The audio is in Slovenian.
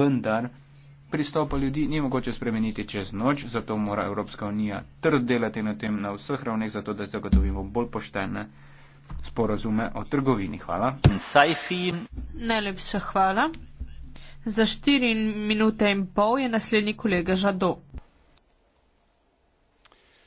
vendar pristopa ljudi ni mogoče spremeniti čez noč, zato mora Evropska unija trd delati na tem na vseh ravneh, zato da zagotovimo bolj poštene sporazume o trgovini. Hvala. Najlepša hvala. Za štiri minute in pol je naslednji kolega Žado.